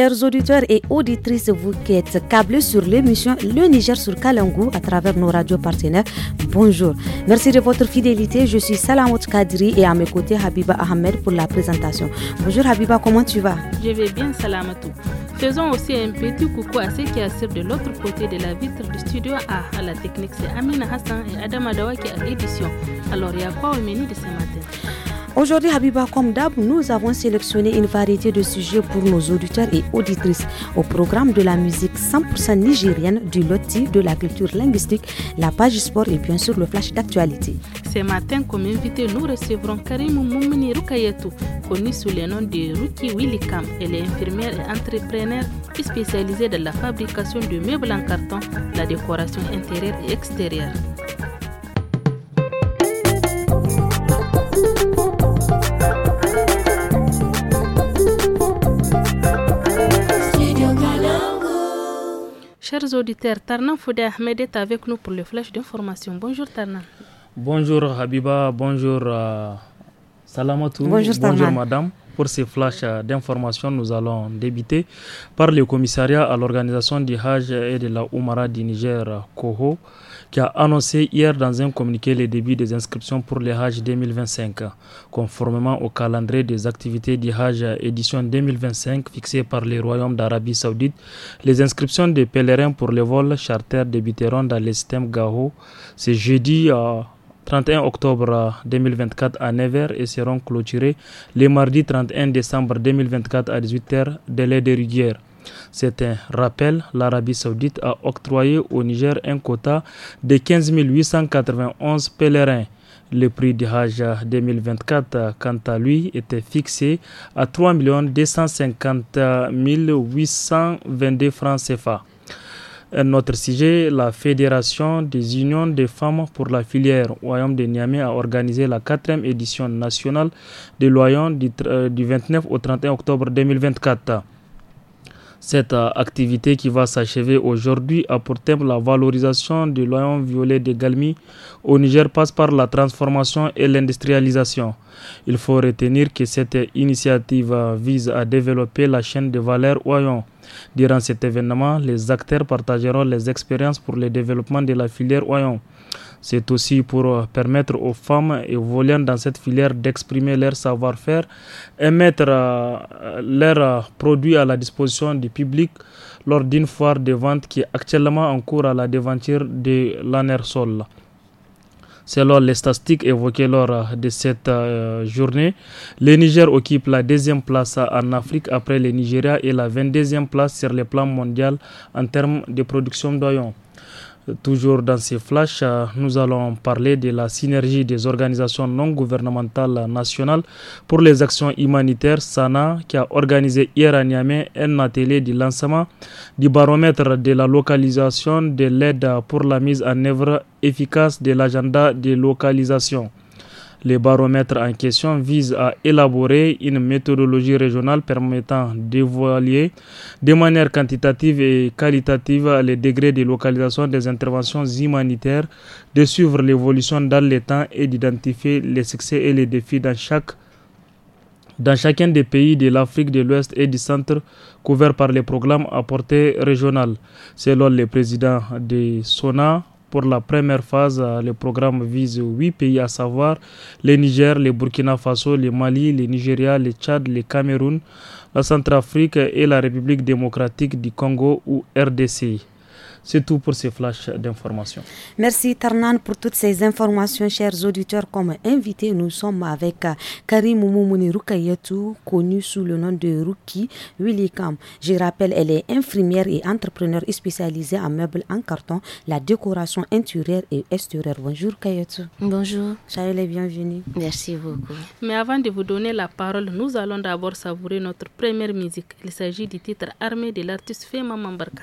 chers auditeurs et auditrices, vous qui êtes câblés sur l'émission Le Niger sur Kalangou à travers nos radios partenaires, bonjour. Merci de votre fidélité. Je suis Salamot Kadri et à mes côtés Habiba Ahmed pour la présentation. Bonjour Habiba, comment tu vas Je vais bien, Salamatou. Faisons aussi un petit coucou à ceux qui assurent de l'autre côté de la vitre du studio A. À la technique, c'est Amina Hassan et Adam qui à l'édition. Alors, il y a quoi au menu de ce matin Aujourd'hui, Habiba, comme d'hab, nous avons sélectionné une variété de sujets pour nos auditeurs et auditrices au programme de la musique 100% nigérienne, du loti, de la culture linguistique, la page sport et bien sûr le flash d'actualité. Ce matin, comme invité, nous recevrons Karim Moumini Rukayetou, connu sous le nom de Ruki Willikam. Elle est infirmière et entrepreneur spécialisée dans la fabrication de meubles en carton, la décoration intérieure et extérieure. Chers auditeurs, Tarnan Foudé Ahmed est avec nous pour le flash d'information. Bonjour Tarna. Bonjour Habiba, bonjour euh, Salamatou, bonjour, Madame pour ces flashs euh, d'information, nous allons débuter par le commissariat à l'organisation du Hajj et de la Oumara du Niger, COHO qui a annoncé hier dans un communiqué les débuts des inscriptions pour les Hajj 2025, conformément au calendrier des activités du Hajj édition 2025 fixé par le Royaume d'Arabie Saoudite. Les inscriptions des pèlerins pour les vols charter débuteront dans le système Gaho ce jeudi. 31 euh, octobre 2024 à 9h et seront clôturées le mardi 31 décembre 2024 à 18h, délai de rigueur. C'est un rappel, l'Arabie saoudite a octroyé au Niger un quota de 15 891 pèlerins. Le prix du Hajj 2024, quant à lui, était fixé à 3 250 822 francs CFA. Un autre sujet, la Fédération des unions des femmes pour la filière Royaume de Niamey a organisé la quatrième édition nationale de l'Oyon du 29 euh, au 31 octobre 2024. Cette euh, activité qui va s'achever aujourd'hui a pour la valorisation du loyon violet de Galmi au Niger passe par la transformation et l'industrialisation. Il faut retenir que cette initiative euh, vise à développer la chaîne de valeur Oyon. Durant cet événement, les acteurs partageront les expériences pour le développement de la filière Oyon. C'est aussi pour euh, permettre aux femmes et aux volants dans cette filière d'exprimer leur savoir-faire et mettre euh, euh, leurs produits à la disposition du public lors d'une foire de vente qui est actuellement en cours à la devanture de l'ANERSOL. Selon les statistiques évoquées lors de cette journée, le Niger occupe la deuxième place en Afrique après le Nigeria et la 22e place sur le plan mondial en termes de production d'oignons. Toujours dans ces flashs, nous allons parler de la synergie des organisations non gouvernementales nationales pour les actions humanitaires SANA qui a organisé hier à Niamey un atelier de lancement du baromètre de la localisation de l'aide pour la mise en œuvre efficace de l'agenda de localisation. Les baromètres en question visent à élaborer une méthodologie régionale permettant d'évaluer de manière quantitative et qualitative les degrés de localisation des interventions humanitaires, de suivre l'évolution dans le temps et d'identifier les succès et les défis dans dans chacun des pays de l'Afrique de l'Ouest et du Centre couverts par les programmes à portée régionale. Selon le président de SONA, pour la première phase, euh, le programme vise huit pays, à savoir le Niger, le Burkina Faso, le Mali, le Nigeria, le Tchad, le Cameroun, la Centrafrique et la République démocratique du Congo ou RDC. C'est tout pour ces flashs d'informations. Merci Tarnan pour toutes ces informations, chers auditeurs. Comme invité, nous sommes avec euh, Karim Moumouni Rukayetou, connu sous le nom de Ruki Willikam. Je rappelle, elle est infirmière et entrepreneur spécialisée en meubles en carton, la décoration intérieure et extérieure. Bonjour Kayetou. Bonjour. Chahel est Merci beaucoup. Mais avant de vous donner la parole, nous allons d'abord savourer notre première musique. Il s'agit du titre Armée de l'artiste Fema Mambarka.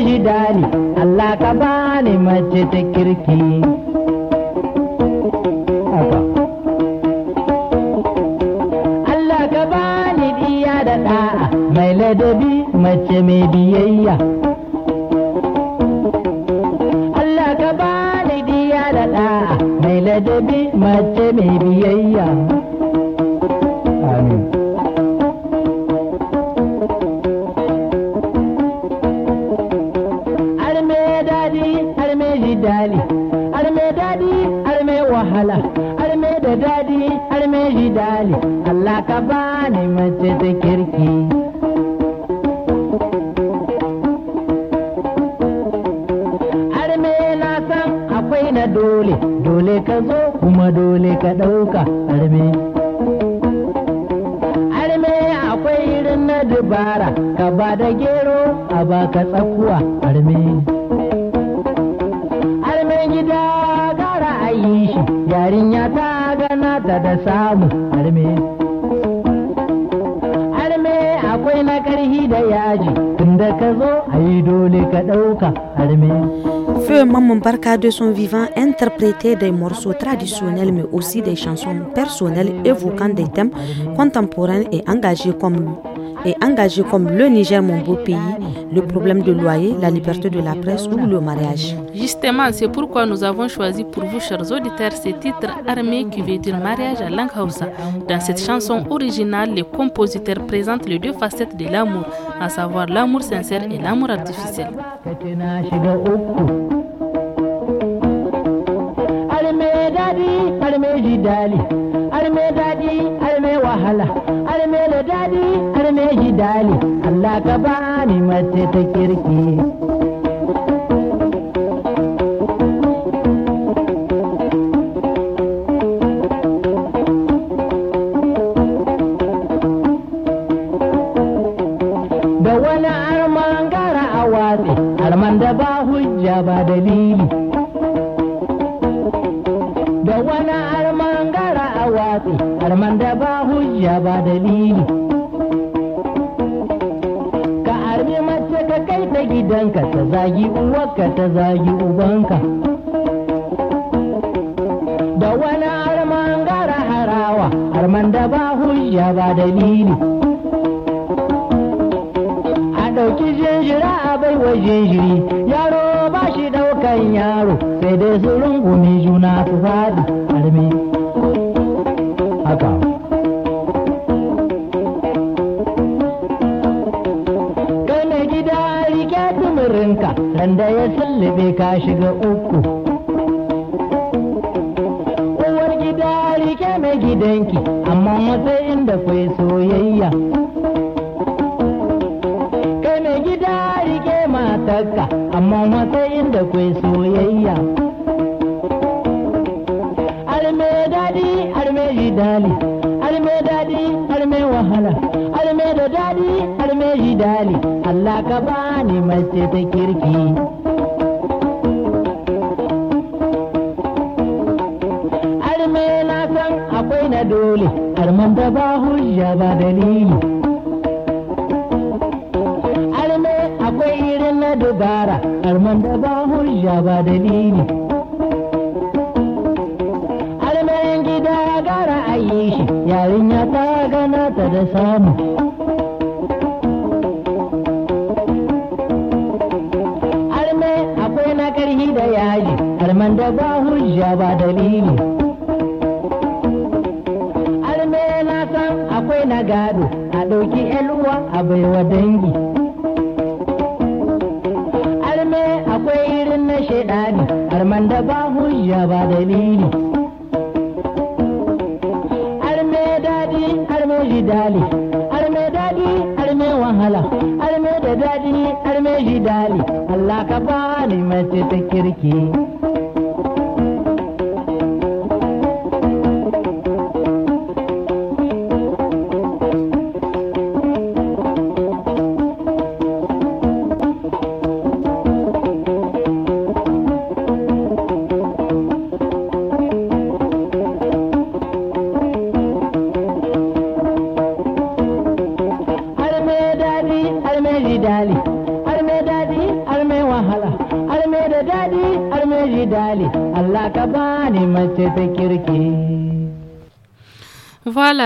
shida Allah ka bani mace ta Allah ka mai ladabi mace mai biyayya Allah mace biyayya ka bani mace ta kirki arme na san akwai na dole dole ka zo kuma dole ka ɗauka arme arme akwai irin na dubara ka ba da gero a baka tsakuwa arme Arme gida gara yarinya ta gana ta da samu arme. karhi Maman Barka de son vivant interpréter des morceaux traditionnels mais aussi des chansons personnelles évoquant des thèmes contemporains et engagés comme et engagés comme Le Niger, mon beau pays, le problème de loyer, la liberté de la presse ou le mariage. Justement, c'est pourquoi nous avons choisi pour vous, chers auditeurs, ce titre armé qui veut dire mariage à Langhausa. Dans cette chanson originale, les compositeurs présentent les deux facettes de l'amour, à savoir l'amour sincère et l'amour artificiel. me da daɗi har me shi dali Allah ka bani mace ta kirki. liman da ba hujja ba dalili Almena na san akwai na gado a ɗauki uwa a baiwa dangi alme akwai irin na shaidani arman da ba hujja ba dalili Alme daɗi arme jidali arme daɗi arme wahala arme da daɗi arme jidali Allah ka bani mace ta kirki.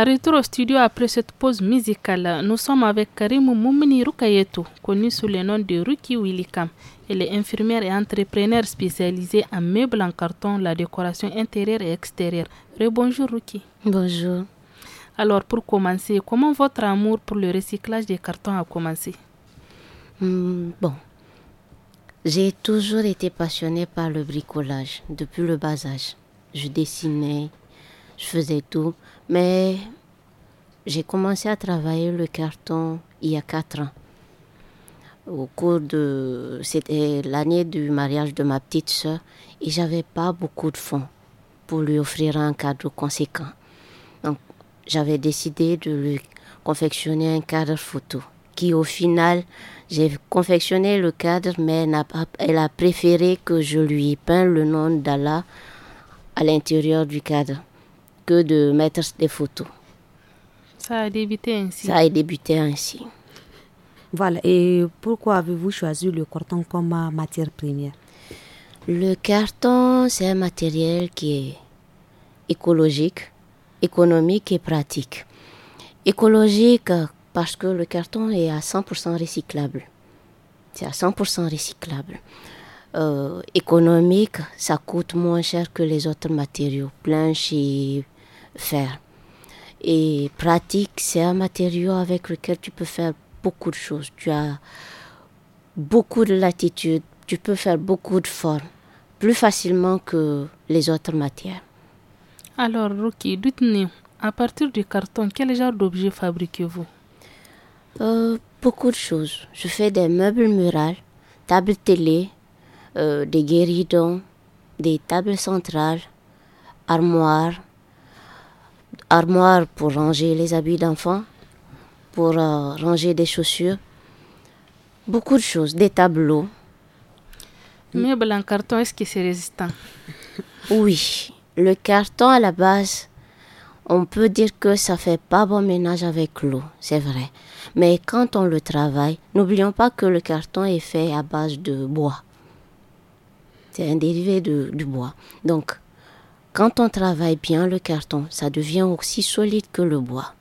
retour au studio après cette pause musicale. Nous sommes avec Karim Moumeni Rukayetu, connu sous le nom de Ruki Willikam. Elle est infirmière et entrepreneur spécialisée en meubles en carton, la décoration intérieure et extérieure. Rebonjour Ruki. Bonjour. Alors pour commencer, comment votre amour pour le recyclage des cartons a commencé hmm, Bon, j'ai toujours été passionnée par le bricolage depuis le bas âge. Je dessinais, je faisais tout. Mais j'ai commencé à travailler le carton il y a quatre ans. Au cours de. C'était l'année du mariage de ma petite soeur. et j'avais pas beaucoup de fonds pour lui offrir un cadre conséquent. Donc j'avais décidé de lui confectionner un cadre photo qui au final j'ai confectionné le cadre mais elle a préféré que je lui peigne le nom d'Allah à l'intérieur du cadre que de mettre des photos. Ça a débuté ainsi. Ça a débuté ainsi. Voilà, et pourquoi avez-vous choisi le carton comme matière première Le carton, c'est un matériel qui est écologique, économique et pratique. Écologique euh, parce que le carton est à 100% recyclable. C'est à 100% recyclable. Euh, économique, ça coûte moins cher que les autres matériaux, planches et faire. Et pratique, c'est un matériau avec lequel tu peux faire beaucoup de choses. Tu as beaucoup de latitude, tu peux faire beaucoup de formes, plus facilement que les autres matières. Alors, Rocky, dites-nous, à partir du carton, quel genre d'objets fabriquez-vous euh, Beaucoup de choses. Je fais des meubles murales, tables télé, euh, des guéridons, des tables centrales, armoires, armoire pour ranger les habits d'enfants, pour euh, ranger des chaussures, beaucoup de choses, des tableaux. Mais en carton, est-ce que c'est résistant Oui, le carton à la base, on peut dire que ça fait pas bon ménage avec l'eau, c'est vrai. Mais quand on le travaille, n'oublions pas que le carton est fait à base de bois. C'est un dérivé de, du bois. Donc, quand on travaille bien le carton, ça devient aussi solide que le bois.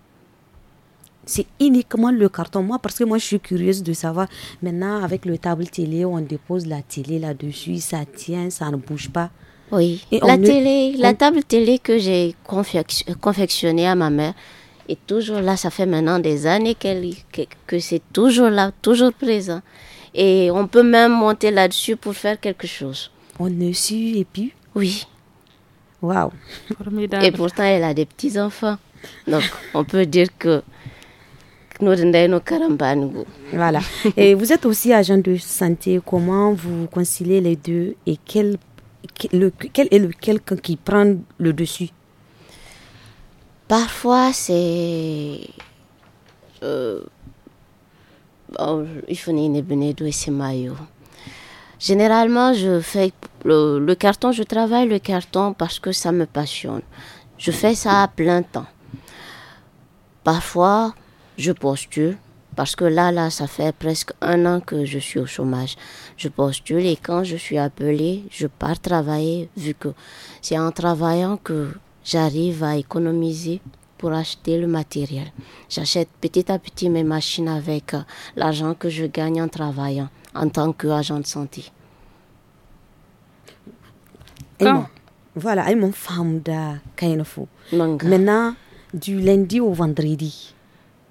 C'est uniquement le carton. Moi, parce que moi, je suis curieuse de savoir. Maintenant, avec le table télé, on dépose la télé là-dessus, ça tient, ça ne bouge pas. Oui. la télé, la table télé que j'ai confectionnée à ma mère est toujours là. Ça fait maintenant des années qu'elle que, que c'est toujours là, toujours présent. Et on peut même monter là-dessus pour faire quelque chose. On ne suit et puis. Oui. Et pourtant, elle a des petits-enfants. Donc, on peut dire que voilà. Et vous êtes aussi agent de santé. Comment vous conciliez les deux et quel, le, quel est le quelqu'un qui prend le dessus Parfois, c'est. Euh, il faut une Généralement, je fais le, carton, je travaille le carton parce que ça me passionne. Je fais ça à plein temps. Parfois, je postule parce que là, là, ça fait presque un an que je suis au chômage. Je postule et quand je suis appelée, je pars travailler vu que c'est en travaillant que j'arrive à économiser pour acheter le matériel. J'achète petit à petit mes machines avec euh, l'argent que je gagne en travaillant en tant qu'agent de santé. Voilà, et mon femme de Kainofo. Euh, maintenant, du lundi au vendredi,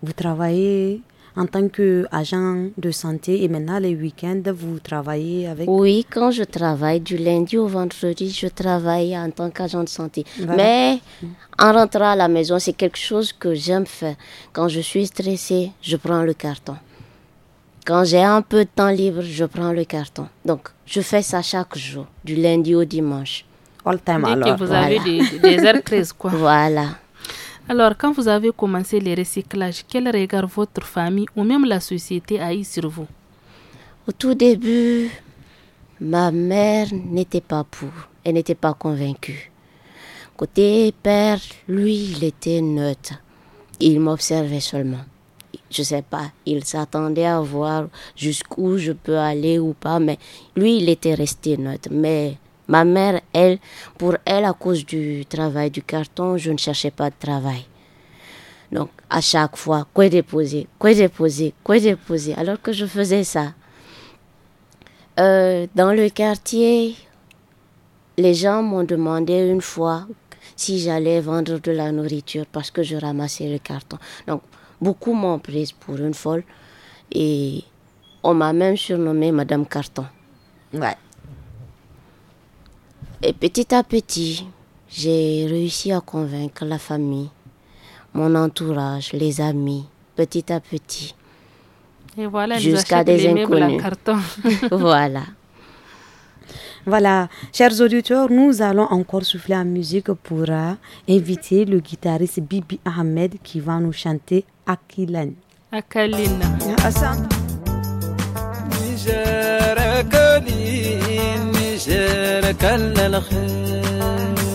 vous travaillez en tant qu'agent de santé et maintenant les week-ends, vous travaillez avec... Oui, quand je travaille du lundi au vendredi, je travaille en tant qu'agent de santé. Mais en rentrant à la maison, c'est quelque chose que j'aime faire. Quand je suis stressée, je prends le carton. Quand j'ai un peu de temps libre, je prends le carton. Donc, je fais ça chaque jour, du lundi au dimanche. All time Alors, Que vous avez des, heures prises, quoi. Voilà. Alors, quand vous avez commencé les recyclages, quel regard votre famille ou même la société a eu sur vous Au tout début, ma mère n'était pas pour. Elle n'était pas convaincue. Côté père, lui, il était neutre. Il m'observait seulement je ne sais pas, il s'attendait à voir jusqu'où je peux aller ou pas, mais lui, il était resté neutre. Mais ma mère, elle, pour elle, à cause du travail du carton, je ne cherchais pas de travail. Donc, à chaque fois, quoi déposer, quoi déposer, quoi déposer, alors que je faisais ça. Euh, dans le quartier, les gens m'ont demandé une fois si j'allais vendre de la nourriture parce que je ramassais le carton. Donc, Beaucoup m'ont prise pour une folle et on m'a même surnommée Madame Carton. Ouais. Et petit à petit, j'ai réussi à convaincre la famille, mon entourage, les amis, petit à petit. Et voilà, jusqu'à des inconnus. Carton. voilà. Voilà, chers auditeurs, nous allons encore souffler la musique pour euh, inviter le guitariste Bibi Ahmed qui va nous chanter أكلا أكلنا أسام نجارك لي نجارك الخير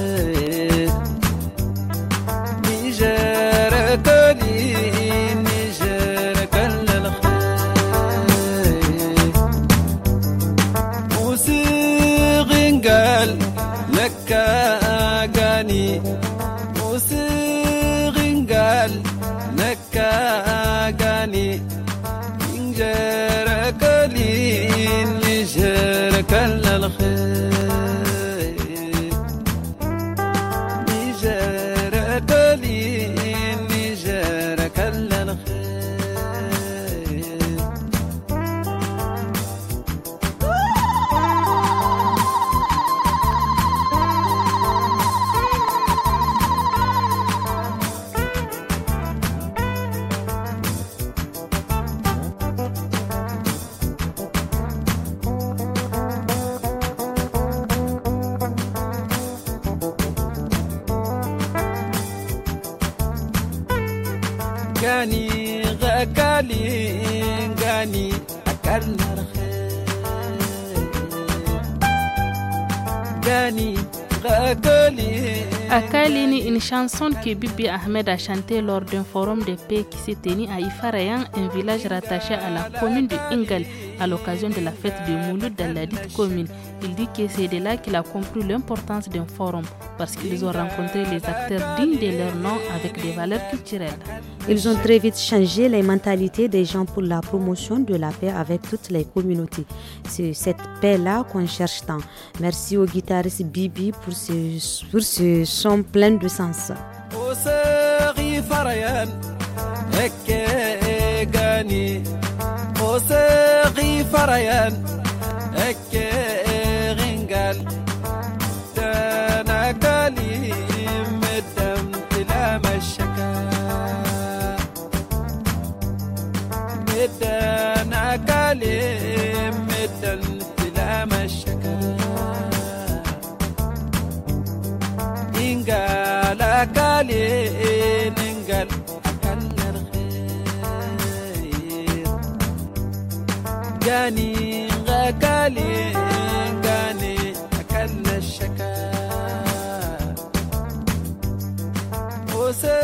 كل الخير chanson que Bibi Ahmed a chanté lors d'un forum de paix qui s'est tenu à Ifarayan, un village rattaché à la commune de Ingal à l'occasion de la fête de Mouloud dans la dite commune. Il dit que c'est de là qu'il a compris l'importance d'un forum parce qu'ils ont rencontré les acteurs dignes de leur nom avec des valeurs culturelles. Ils ont très vite changé les mentalités des gens pour la promotion de la paix avec toutes les communautés. C'est cette paix-là qu'on cherche tant. Merci au guitariste Bibi pour ce, pour ce son plein de sens. صغي فريان أكي غنقال دانا قالي مدام تلا مشكا مدانا قالي مدام تلا مشكا إنقال قالي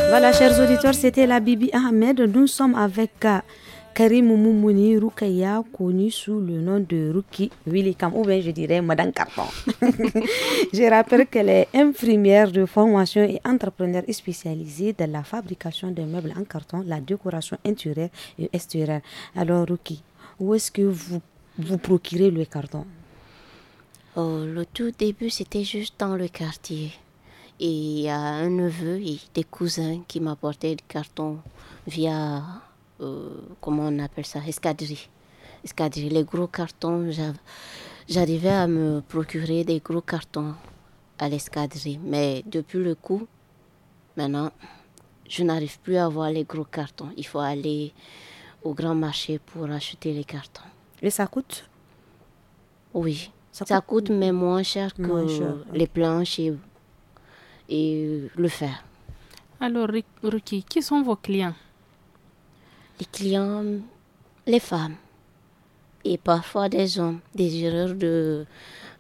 Voilà, chers auditeurs, c'était la Bibi Ahmed. Nous sommes avec euh, Karim Moumouni Roukaya, connu sous le nom de Ruki Willikam, ou bien je dirais Madame Carton. je rappelle qu'elle est infirmière de formation et entrepreneur spécialisée dans la fabrication de meubles en carton, la décoration intérieure et extérieure. Alors, Ruki, où est-ce que vous vous procurez le carton oh, Le tout début, c'était juste dans le quartier. Et il y a un neveu et des cousins qui m'apportaient des cartons via, euh, comment on appelle ça, escadrille. Escadrille, les gros cartons. J'arrivais à me procurer des gros cartons à l'escadrille. Mais depuis le coup, maintenant, je n'arrive plus à avoir les gros cartons. Il faut aller au grand marché pour acheter les cartons. Et ça coûte Oui, ça, coûte, mais moins cher que les planches et, le fer. Alors, Ruki, qui sont vos clients Les clients, les femmes et parfois des hommes désireux de,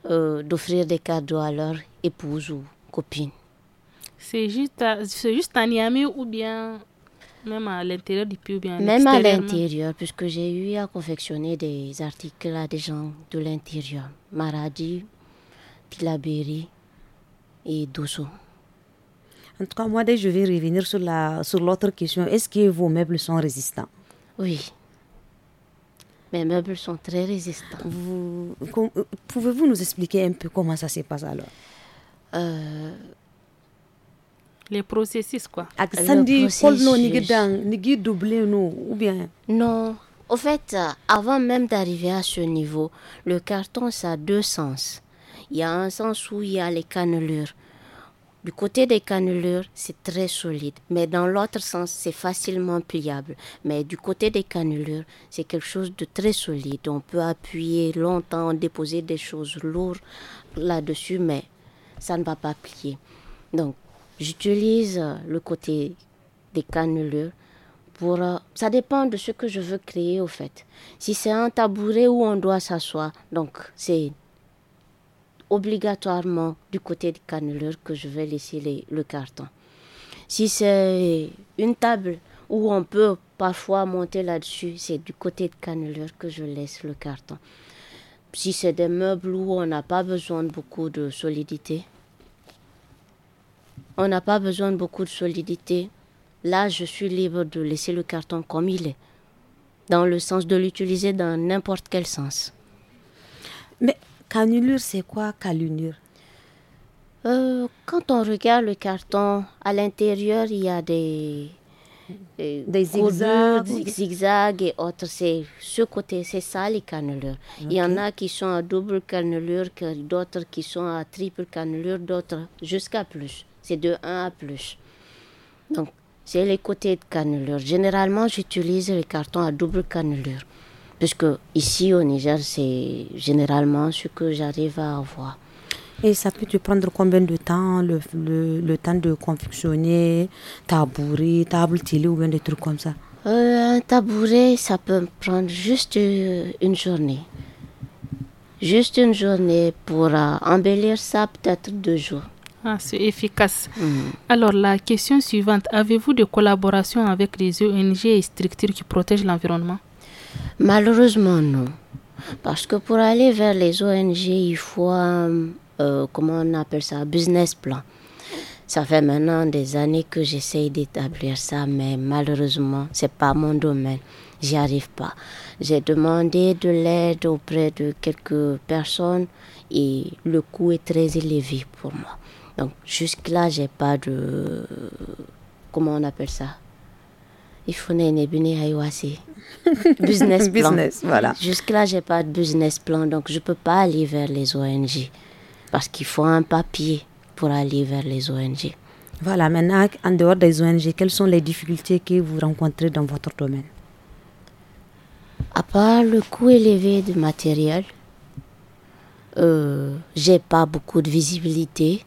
euh, d'offrir des cadeaux à leur épouse ou copine. C'est juste c'est juste à Niamey ou bien même à l'intérieur du pub bien Même à l'intérieur, puisque j'ai eu à confectionner des articles à des gens de l'intérieur. Maradi, Tilaberi et Dosso. En tout cas, moi, je vais revenir sur la sur l'autre question. Est-ce que vos meubles sont résistants Oui. Mes meubles sont très résistants. Vous, pouvez-vous nous expliquer un peu comment ça se passe alors euh, les processus quoi. Aksandi, non doublé non ou bien Non, au fait, euh, avant même d'arriver à ce niveau, le carton ça a deux sens. Il y a un sens où il y a les cannelures. Du côté des cannelures, c'est très solide, mais dans l'autre sens, c'est facilement pliable. Mais du côté des cannelures, c'est quelque chose de très solide. On peut appuyer longtemps, déposer des choses lourdes là-dessus, mais ça ne va pas plier. Donc, J'utilise le côté des cannelures pour... Euh, ça dépend de ce que je veux créer au fait. Si c'est un tabouret où on doit s'asseoir, donc c'est obligatoirement du côté des cannelures que je vais laisser le carton. Si c'est une table où on peut parfois monter là-dessus, c'est du côté des cannelure que je laisse le carton. Si c'est des meubles où on n'a pas besoin de beaucoup de solidité, on n'a pas besoin de beaucoup de solidité. Là, je suis libre de laisser le carton comme il est, dans le sens de l'utiliser dans n'importe quel sens. Mais canulure, c'est quoi canulure euh, Quand on regarde le carton, à l'intérieur, il y a des, des, zigzags, et autres. C'est ce côté, c'est ça les canulures. Il y en a qui sont à double cannelure, d'autres qui sont à triple canulure, d'autres jusqu'à plus c'est de 1 à plus. Donc, c'est les côtés de cannelure. Généralement, j'utilise les cartons à double cannelure. Puisque ici au Niger, c'est généralement ce que j'arrive à avoir. Et ça peut te prendre combien de temps le, temps de confectionner tabouret, table télé ou bien des trucs comme ça euh, Un tabouret, ça peut prendre juste euh, une journée. Juste une journée pour euh, embellir ça, peut-être deux jours. Ah, c'est efficace. Alors, la question suivante, avez-vous des collaborations avec les ONG et structures qui protègent l'environnement Malheureusement, non. Parce que pour aller vers les ONG, il faut, euh, euh, comment on appelle ça, business plan. Ça fait maintenant des années que j'essaye d'établir ça, mais malheureusement, c'est pas mon domaine. J'y arrive pas. J'ai demandé de l'aide auprès de quelques personnes et le coût est très élevé pour moi. Donc jusque-là, j'ai pas de... Comment on appelle ça business plan. voilà. Jusque-là, j'ai pas de business plan, donc je ne peux pas aller vers les ONG parce qu'il faut un papier pour aller vers les ONG. Voilà, maintenant, en dehors des ONG, quelles sont les difficultés que vous rencontrez dans votre domaine À part le coût élevé du matériel, euh, j'ai pas beaucoup de visibilité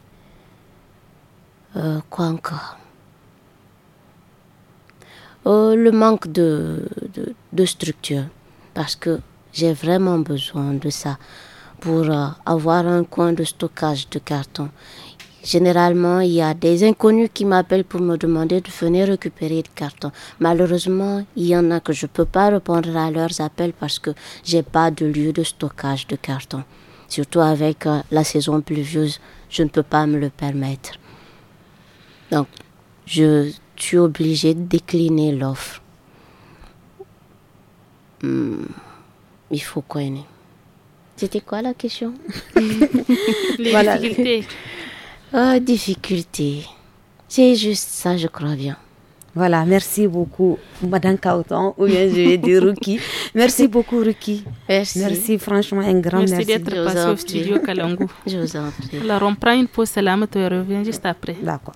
quoi encore oh, Le manque de, structure. Parce que j'ai vraiment besoin de ça pour euh, avoir un coin de stockage de carton. Généralement, il y a des inconnus qui m'appellent pour me demander de venir récupérer le carton. Malheureusement, il y en a que je ne peux pas répondre à leurs appels parce que n'ai pas de lieu de stockage de carton. Surtout avec euh, la saison pluvieuse, je ne peux pas me le permettre. Donc, je suis obligée de décliner l'offre. Hmm. il faut quoi, connaître. C'était quoi la question Les difficultés. Ah, difficultés. C'est juste ça, je crois bien. Voilà, merci beaucoup, Madame Kauton, ou bien je vais dire Ruki. Merci beaucoup, Ruki. Merci. Merci, franchement, un grand merci. Merci d'être passé au studio Kalangu. Je vous en prie. Alors, on prend une pause, Salam, tu reviens juste après. D'accord.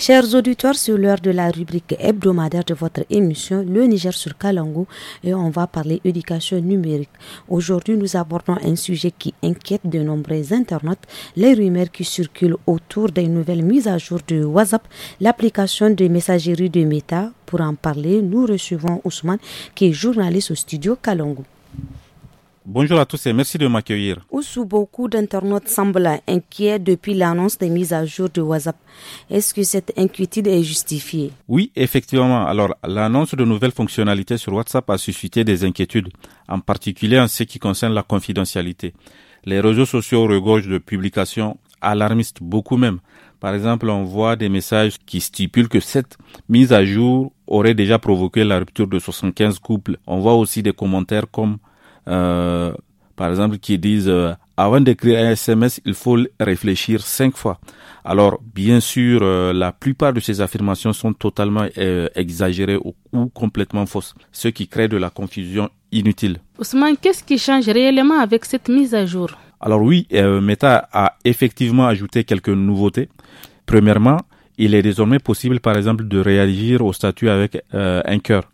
Chers auditeurs, sur l'heure de la rubrique hebdomadaire de votre émission Le Niger sur Kalangou et on va parler éducation numérique. Aujourd'hui, nous abordons un sujet qui inquiète de nombreux internautes, les rumeurs qui circulent autour des nouvelles mises à jour de WhatsApp, l'application de messagerie de Meta. Pour en parler, nous recevons Ousmane qui est journaliste au studio Kalangou. Bonjour à tous et merci de m'accueillir. sous beaucoup d'internautes semblent inquiets depuis l'annonce des mises à jour de WhatsApp. Est-ce que cette inquiétude est justifiée Oui, effectivement. Alors, l'annonce de nouvelles fonctionnalités sur WhatsApp a suscité des inquiétudes, en particulier en ce qui concerne la confidentialité. Les réseaux sociaux regorgent de publications alarmistes, beaucoup même. Par exemple, on voit des messages qui stipulent que cette mise à jour aurait déjà provoqué la rupture de 75 couples. On voit aussi des commentaires comme euh, par exemple, qui disent euh, avant d'écrire un SMS, il faut réfléchir cinq fois. Alors, bien sûr, euh, la plupart de ces affirmations sont totalement exagérées ou, complètement fausses, ce qui crée de la confusion inutile. Ousmane, qu'est-ce qui change réellement avec cette mise à jour Alors oui, Meta a effectivement ajouté quelques nouveautés. Premièrement, il est désormais possible, par exemple, de réagir au statut avec un cœur.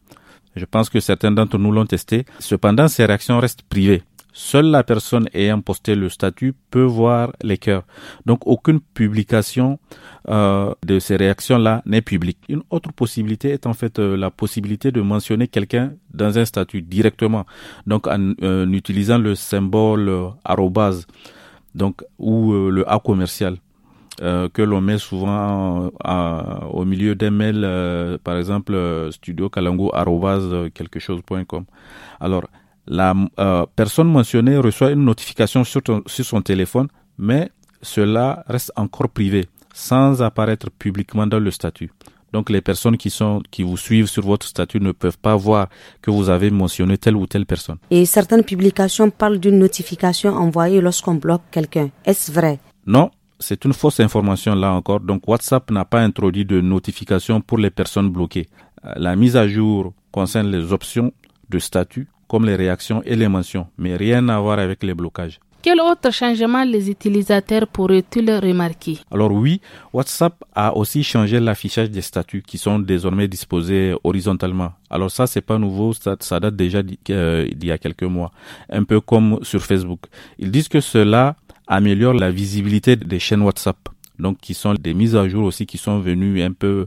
Je pense que certains d'entre nous l'ont testé. Cependant, ces réactions restent privées. Seule la personne ayant posté le statut peut voir les cœurs. Donc aucune publication euh, de ces réactions-là n'est publique. Une autre possibilité est en fait euh, la possibilité de mentionner quelqu'un dans un statut directement, donc en, euh, utilisant le symbole arrobase donc ou le A commercial. Euh, que l'on met souvent euh, au milieu d'un mail, euh, par exemple studio quelque Alors, la personne mentionnée reçoit une notification sur, sur, son téléphone, mais cela reste encore privé, sans apparaître publiquement dans le statut. Donc les personnes qui sont qui vous suivent sur votre statut ne peuvent pas voir que vous avez mentionné telle ou telle personne. Et certaines publications parlent d'une notification envoyée lorsqu'on bloque quelqu'un. Est-ce vrai Non, c'est une fausse information là encore. Donc WhatsApp n'a pas introduit de notification pour les personnes bloquées. Euh, la mise à jour concerne les options de statut comme les réactions et les mentions, mais rien à voir avec les blocages. Quel autre changement les utilisateurs pourraient-ils remarquer Alors oui, WhatsApp a aussi changé l'affichage des statuts qui sont désormais disposés horizontalement. Alors ça, c'est pas nouveau, ça, ça date déjà d'il y a euh, quelques mois, un peu comme sur Facebook. Ils disent que cela améliore la visibilité des chaînes WhatsApp. Donc, qui sont des mises à jour aussi qui sont venues un peu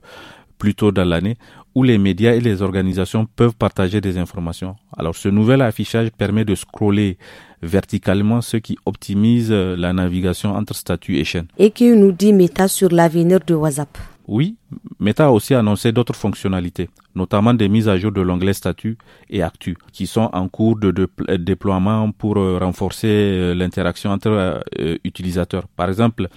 plus tôt dans l'année, où les médias et les organisations peuvent partager des informations. Alors ce nouvel affichage permet de scroller verticalement ce qui optimise euh, la navigation entre statuts et chaînes. Et qui nous dit Meta sur l'avenir de WhatsApp oui, Meta a aussi annoncé d'autres fonctionnalités, notamment des mises à jour de l'onglet Statut et Actu, qui sont en cours de, euh, déploiement pour euh, renforcer euh, l'interaction entre utilisateurs. Par exemple,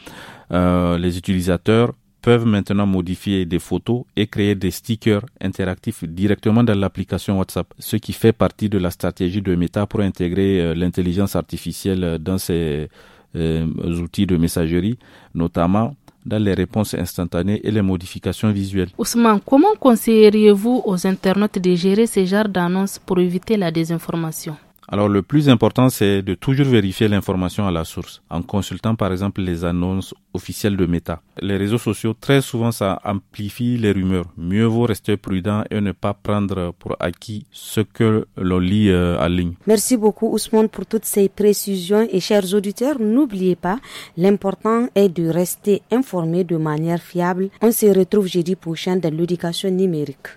les utilisateurs peuvent maintenant modifier des photos et créer des stickers interactifs directement dans l'application WhatsApp, ce qui fait partie de la stratégie de Meta pour intégrer l'intelligence artificielle dans ses outils de messagerie, notamment dans les réponses instantanées et les modifications visuelles. Ousmane, comment conseilleriez-vous aux internautes de gérer ces genres d'annonces pour éviter la désinformation alors le plus important, c'est de toujours vérifier l'information à la source, en consultant par exemple les annonces officielles de Meta. Les réseaux sociaux, très souvent, ça amplifie les rumeurs. Mieux vaut rester prudent et ne pas prendre pour acquis ce que l'on lit euh, en ligne. Merci beaucoup Ousmane pour toutes ces précisions et chers auditeurs, n'oubliez pas, l'important est de rester informé de manière fiable. On se retrouve jeudi prochain dans l'éducation numérique.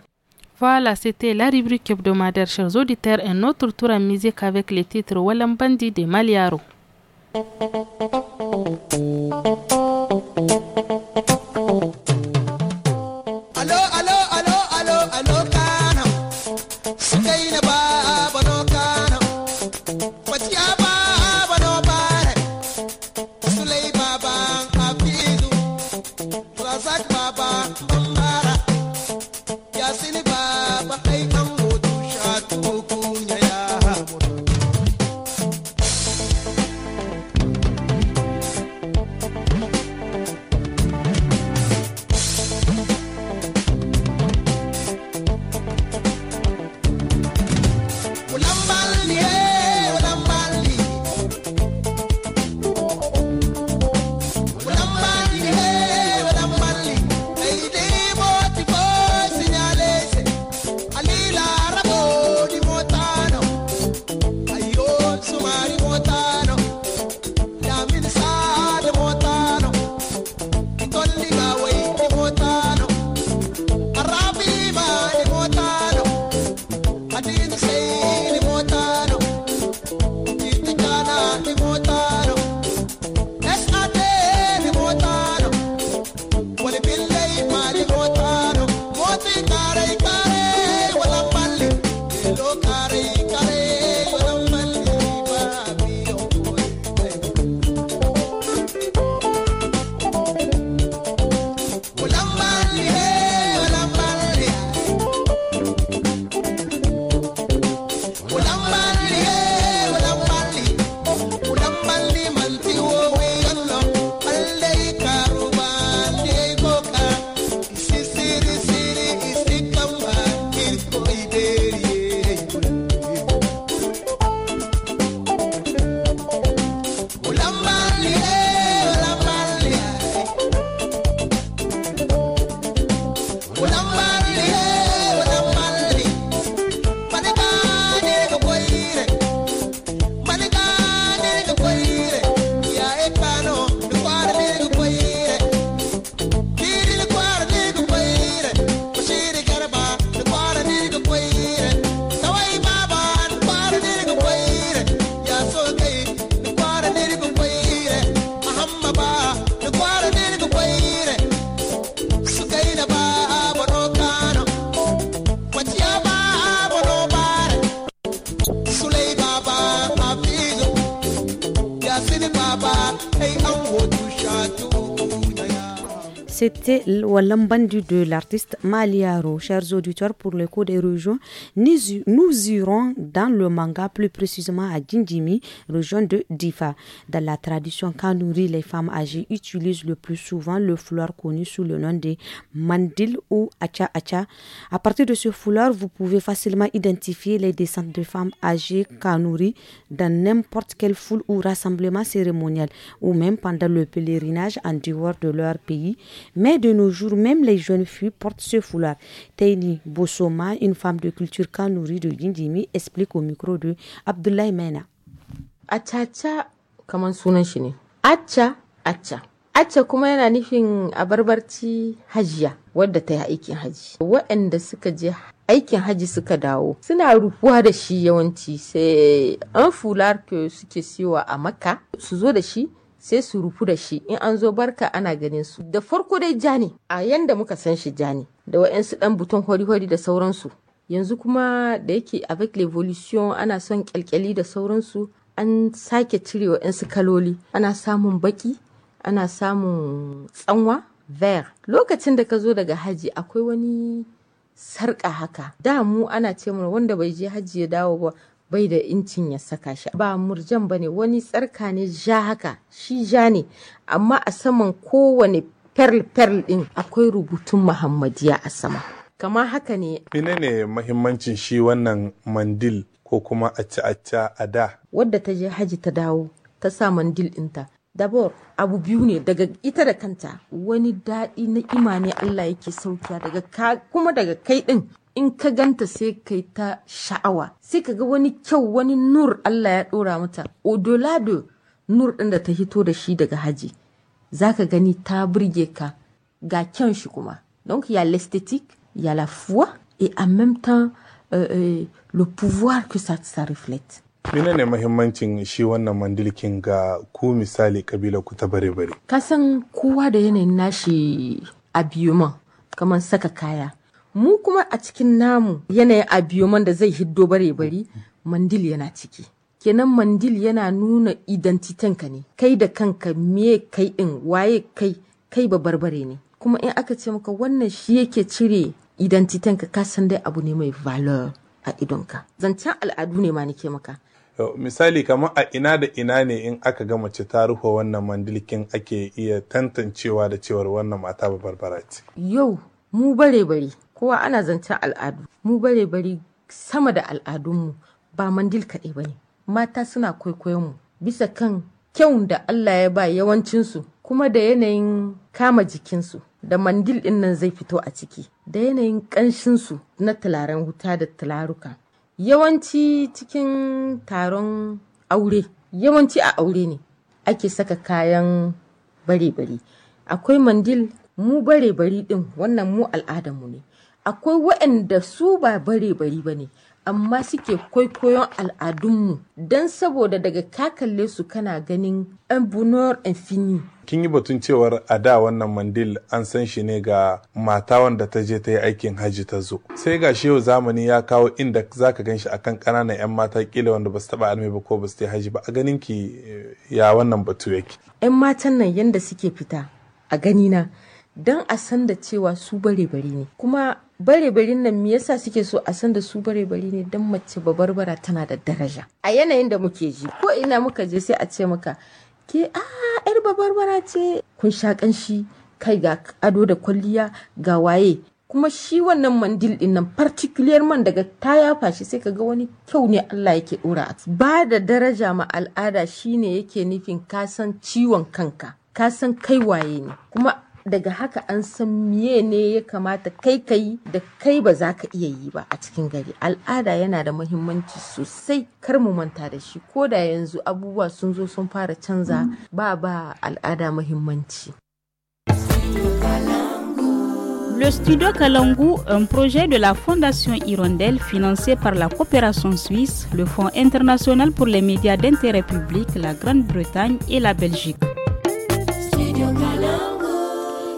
Voilà, c'était la rubrique hebdomadaire, chers auditeurs. Un autre tour en musique avec les titres Walambandi de Maliaro. C'était Lambandu de l'artiste Maliaro. Chers auditeurs, pour le des régions, nous irons dans le manga, plus précisément à Djindimi région de Difa. Dans la tradition kanuri les femmes âgées utilisent le plus souvent le foulard connu sous le nom de mandil ou acha acha. À partir de ce foulard, vous pouvez facilement identifier les descentes de femmes âgées kanuri dans n'importe quelle foule ou rassemblement cérémonial, ou même pendant le pèlerinage en dehors de leur pays Mais de nos jours, même les jeunes filles portent ce foulard. Taini Bossoma, une femme de culture kanouri de Gindimi, explique au micro de Abdoulaye Mena. Acaca kamar sunan shi ne. acha. acca. kuma yana nufin abarbarci hajiya wadda ta yi aikin haji. Waɗanda suka je aikin haji suka dawo suna rufuwa da shi yawanci sai an fular suke siwa a maka su zo da shi sai su rufu da shi in an zo barka ana ganin su da farko dai jani a yanda muka san shi jani da wa'yansu dan buton hori-hori da sauransu yanzu kuma da yake avec l'évolution ana son kyalkyali da sauransu an sake cire wa'yansu kaloli ana samun baki ana samun tsanwa ver lokacin da ka zo daga haji akwai wani sarƙa haka da mu ana ce mana wanda bai je Haji ya dawo ba bai da incin ya saka shi ba murjan bane wani tsarka ne ja haka shi ja ne amma a saman kowane perl perl din akwai rubutun muhammadiya a sama kama haka ne ne mahimmancin shi wannan mandil ko kuma a ci a da wadda ta je haji ta dawo ta sa mandil ɗinta Dabor abu biyu ne daga ita da kanta wani daɗi na imani Allah yake sauƙiya daga ka, kuma daga kai ɗin in ka ganta sai kai ta sha'awa sai ka ga wani kyau wani nur Allah ya ɗora mata odolado nur ɗin da ta hito da shi daga haji za ka gani ta burge ka ga kyan shi kuma donc ya y ya l'esthétique il la foi et en même temps euh, euh, le pouvoir que ça, ça reflète ne mahimmancin shi wannan mandilkin ga ku misali kabila ku ta bare bare san kowa da yanayin nashi abiyoman kamar saka kaya mu kuma a cikin namu yanayin abiyoman da zai hiddo bare bari mandil yana ciki kenan mandil yana nuna ka ne kai da kanka me kai in waye kai kai ba barbare ne kuma in aka ce maka wannan shi yake cire identitenka ka san dai abu ne mai valor a idonka zancen al'adu ne ma nake maka misali kamar a ina da ina ne in aka ga mace ta rufe wannan mandilkin ake iya tantancewa da cewar wannan mata ba barbara ce yau mu bare bare kowa ana zancen al'adu mu bare bari sama da al'adunmu ba mandil kaɗai ba ne mata suna kwaikwayon mu bisa kan kyau da Allah ya ba yawancinsu kuma da yanayin kama jikinsu da mandil ɗin nan zai fito a ciki da yanayin ƙanshinsu na tularen wuta da tularuka yawanci cikin taron aure yawanci a aure ne ake saka kayan bare-bare akwai mandil mu bare-bari ɗin wannan mu al'adarmu ne akwai waɗanda su ba bare bari ba ne amma suke kwaikwayon al'adunmu don saboda daga ka su kana ganin yan bunor infini kin yi batun cewar a da wannan mandil an san shi ne ga mata wanda ta je ta yi aikin hajji ta zo sai ga shi yau zamani ya kawo inda za ka gan shi akan ƙananan 'yan mata kila wanda ba su taɓa almi ba ko ba su ta hajji ba a ganin ki eh, ya wannan batu yake 'yan matan nan yanda suke fita a ganina don a san da cewa su bare-bare ne kuma bare-barin nan me yasa suke so a san da su bare-bari ne don mace bara tana da daraja a yanayin da muke ji ko ina muka je sai a ce maka ke a ah, yar babarbara ce kun sha kanshi kai ga ado da kwalliya ga waye kuma shi wannan mandil din nan particular man daga ta yafa shi sai kaga wani kyau ne Allah yake dora ba da daraja ma al'ada shine yake nufin kasan ciwon kanka kasan kai waye ne kuma daga haka an san miye ne ya kamata kai kai da kai ba za ka iya yi ba a cikin gari al'ada yana da muhimmanci sosai kar mu manta da shi ko da yanzu abubuwa sun zo sun fara canza ba ba al'ada muhimmanci Le studio Kalangu, un projet de la Fondation Hirondelle financé par la coopération suisse, le Fonds international pour les médias d'intérêt public, la Grande-Bretagne et la Belgique. Studio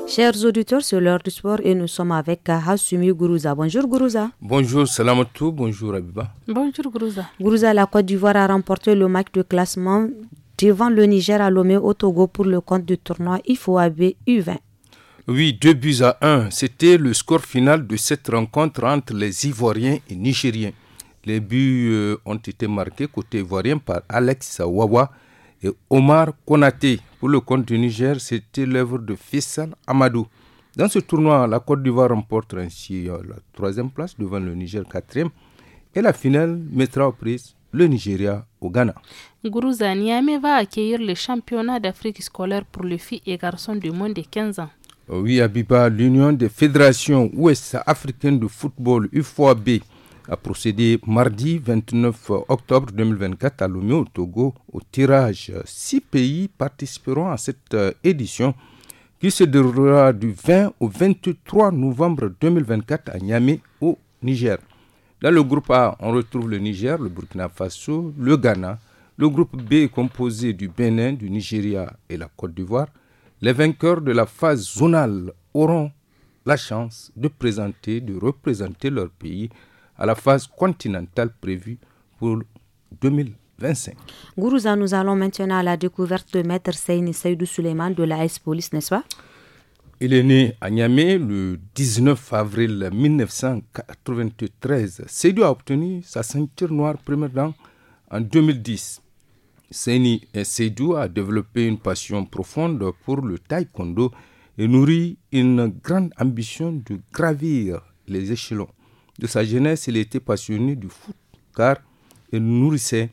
Chers auditeurs, c'est l'heure du sport et nous sommes avec Hassumi Gourouza. Bonjour Gourouza. Bonjour Salamatou, bonjour Abiba. Bonjour Gourouza. Gourouza, la Côte d'Ivoire a remporté le match de classement devant le Niger à Lomé au Togo pour le compte du tournoi IFOAB U20. Oui, 2 buts à 1. C'était le score final de cette rencontre entre les Ivoiriens et Nigériens. Les buts euh, ont été marqués côté ivoirien par Alex Sawawa et Omar Konaté pour le compte du Niger, c'était l'œuvre de Fissan Amadou. Dans ce tournoi, la Côte d'Ivoire remporte ainsi euh, la troisième place devant le Niger quatrième et la finale mettra en prise le Nigeria au Ghana. Gourouza Niamey va accueillir le championnat d'Afrique scolaire pour les filles et garçons du moins de 15 ans. Oui, Abiba, l'Union des fédérations ouest africaines de football, UFOAB, a procédé mardi 29 octobre 2024 à Lomé au Togo au tirage. Six pays participeront à cette euh, édition qui se déroulera du 20 au 23 novembre 2024 à Niamey au Niger. Dans le groupe A, on retrouve le Niger, le Burkina Faso, le Ghana. Le groupe B est composé du Bénin, du Nigeria et la Côte d'Ivoire. Les vainqueurs de la phase zonale auront la chance de présenter, de représenter leur pays à la phase continentale prévue pour 2025. Guruza, nous allons maintenant à la découverte de Maître Seyni Seydou Suleiman de la S-Police, n'est-ce pas Il est né à Niamey le 19 avril 1993. Seydou a obtenu sa ceinture noire première dan en 2010. Seyni Seydou a développé une passion profonde pour le taekwondo et nourrit une grande ambition de gravir les échelons de sa jeunesse, il était passionné du foot, car il nourrissait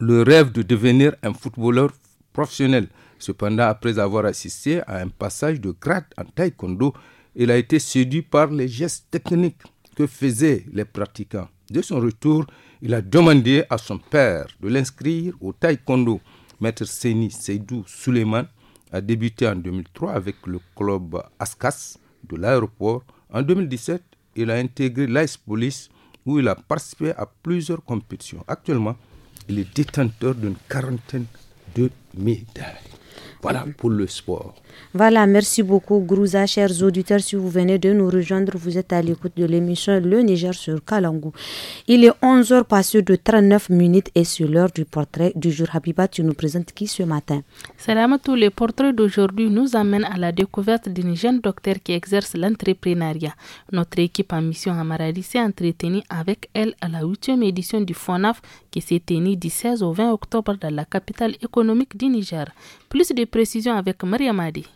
le rêve de devenir un footballeur professionnel. Cependant, après avoir assisté à un passage de grade en taekwondo, il a été séduit par les gestes techniques que faisaient les pratiquants. De son retour, il a demandé à son père de l'inscrire au taekwondo. Maître Seni Seydou Suleiman a débuté en 2003 avec le club Askas de l'aéroport. En 2017, il a intégré l'Ice Police où il a participé à plusieurs compétitions. Actuellement, il est détenteur d'une quarantaine de médailles. Voilà mmh. pour le sport. Voilà, merci beaucoup Grouza, chers auditeurs. Si vous venez de nous rejoindre, vous êtes à l'écoute de l'émission Le Niger sur Kalangou. Il est 11h passé de 39 minutes et c'est l'heure du portrait du jour. Habiba, tu nous présentes qui ce matin tous le portrait d'aujourd'hui nous amène à la découverte d'une jeune docteur qui exerce l'entrepreneuriat. Notre équipe en mission à Maradi s'est entretenue avec elle à la 8e édition du FONAF qui s'est tenue du 16 au 20 octobre dans la capitale économique du Niger. Plus de précisions avec Maria Madi.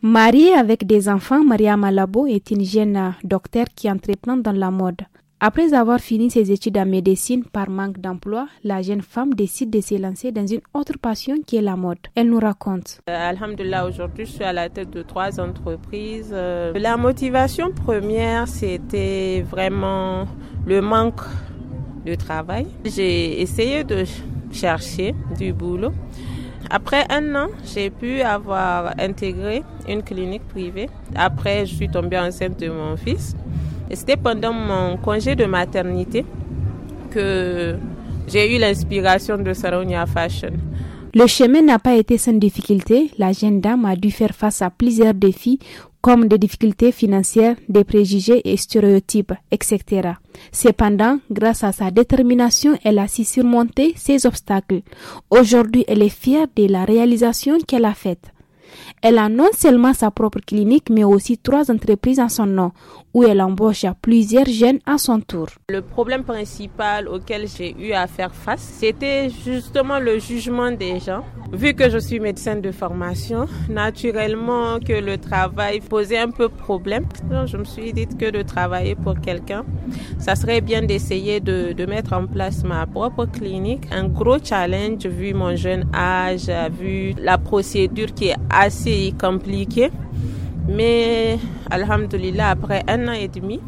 Mariée avec des enfants, Maria Malabo est une jeune docteur qui entreprend dans la mode. Après avoir fini ses études en médecine par manque d'emploi, la jeune femme décide de se lancer dans une autre passion qui est la mode. Elle nous raconte. Euh, Alhamdulillah, aujourd'hui, je suis à la tête de trois entreprises. Euh, la motivation première, c'était vraiment le manque de travail. J'ai essayé de chercher du boulot. Après un an, j'ai pu avoir intégré une clinique privée. Après, je suis tombée enceinte de mon fils. Et c'était pendant mon congé de maternité que j'ai eu l'inspiration de Saronia Fashion. Le chemin n'a pas été sans difficulté. La jeune dame a dû faire face à plusieurs défis comme des difficultés financières, des préjugés et stéréotypes, etc. Cependant, grâce à sa détermination, elle a si surmonter ces obstacles. Aujourd'hui, elle est fière de la réalisation qu'elle a faite. Elle a non seulement sa propre clinique, mais aussi trois entreprises en son nom, où elle embauche à plusieurs jeunes à son tour. Le problème principal auquel j'ai eu à faire face, c'était justement le jugement des gens Vu que je suis médecin de formation, naturellement que le travail posait un peu problème. je me suis dit que de travailler pour quelqu'un, ça serait bien d'essayer de, de, mettre en place ma propre clinique. Un gros challenge vu mon jeune âge, vu la procédure qui est assez compliquée. Mais alhamdulillah, après un an et demi,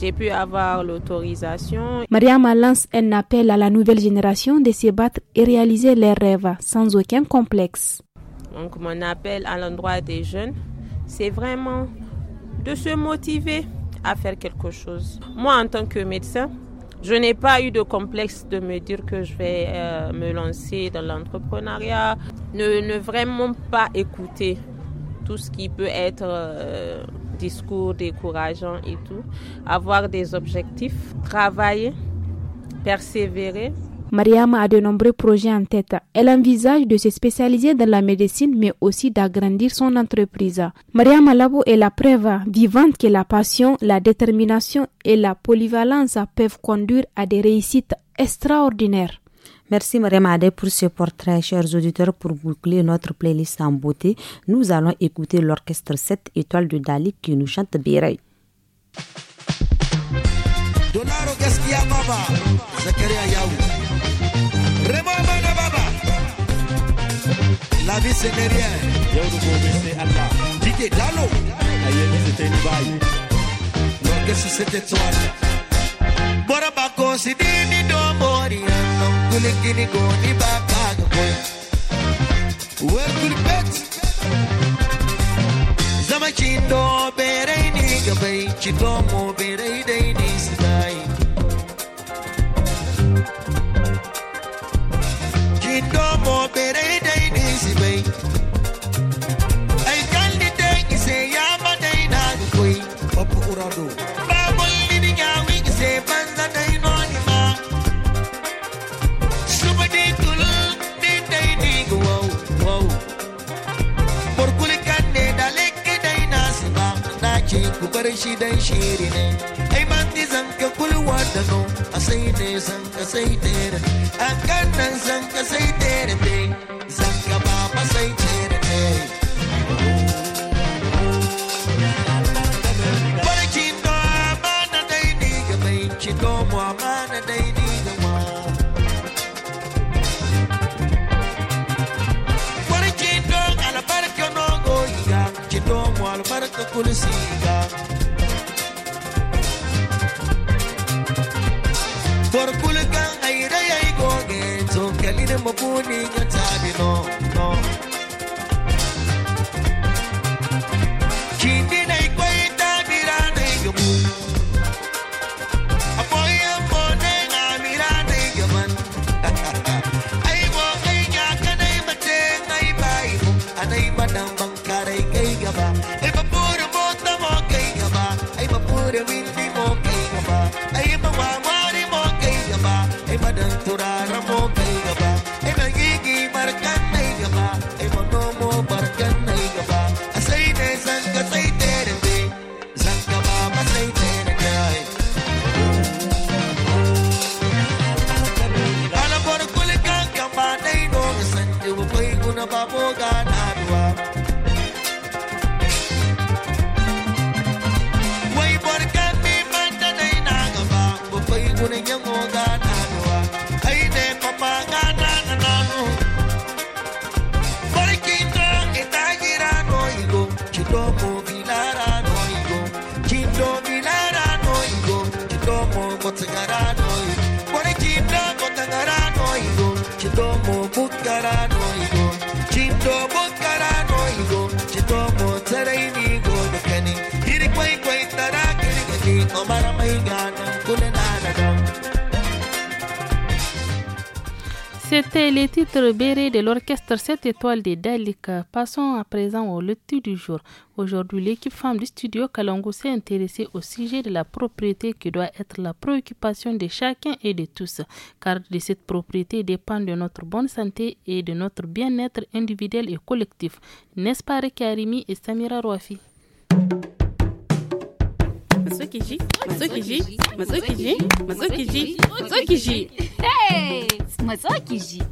j'ai pu avoir l'autorisation. Mariama lance un appel à la nouvelle génération de se battre et réaliser leurs rêves sans aucun complexe. Donc mon appel à l'endroit des jeunes, c'est vraiment de se motiver à faire quelque chose. Moi, en tant que médecin, je n'ai pas eu de complexe de me dire que je vais euh, me lancer dans l'entrepreneuriat. Ne, vraiment pas écouter tout ce qui peut être... Euh, discours décourageants et tout, avoir des objectifs, travailler, persévérer. Mariam a de nombreux projets en tête. Elle envisage de se spécialiser dans la médecine, mais aussi d'agrandir son entreprise. Mariam Alabo est la preuve vivante que la passion, la détermination et la polyvalence peuvent conduire à des réussites extraordinaires. Merci Mariam Adé pour ce portrait, chers auditeurs. Pour boucler notre playlist en beauté, nous allons écouter l'orchestre 7 étoiles de Dali qui nous chante Birey. Dolaro gaskiya baba, Zakaria Yahu. Remo mana La vie c'est rien. Yau Allah. Dike dalo. Aye ni se teni bai. Bora We're Bakaga Boy. Where could it be? Zamachito Bere Bere Day. dai shiri ne ai ban di zan kulwa da no a sai ne sai tere a sai tere ba ba sai tere barki to amana dai ni ga mai ki to mu amana dai ni ga ma barki to albarka no ga ki to mu albarka kulsi 我的。no baboga na C'était les titres bérés de l'orchestre 7 étoiles des Dalika. Passons à présent au lecture du jour. Aujourd'hui, l'équipe femme du studio Kalongo s'est intéressée au sujet de la propriété qui doit être la préoccupation de chacun et de tous, car de cette propriété dépend de notre bonne santé et de notre bien-être individuel et collectif. N'est-ce pas, Karimi et Samira Rouafi? Masukiji, Masukiji, Masukiji, Masukiji, Masukiji. Hey! Masukiji.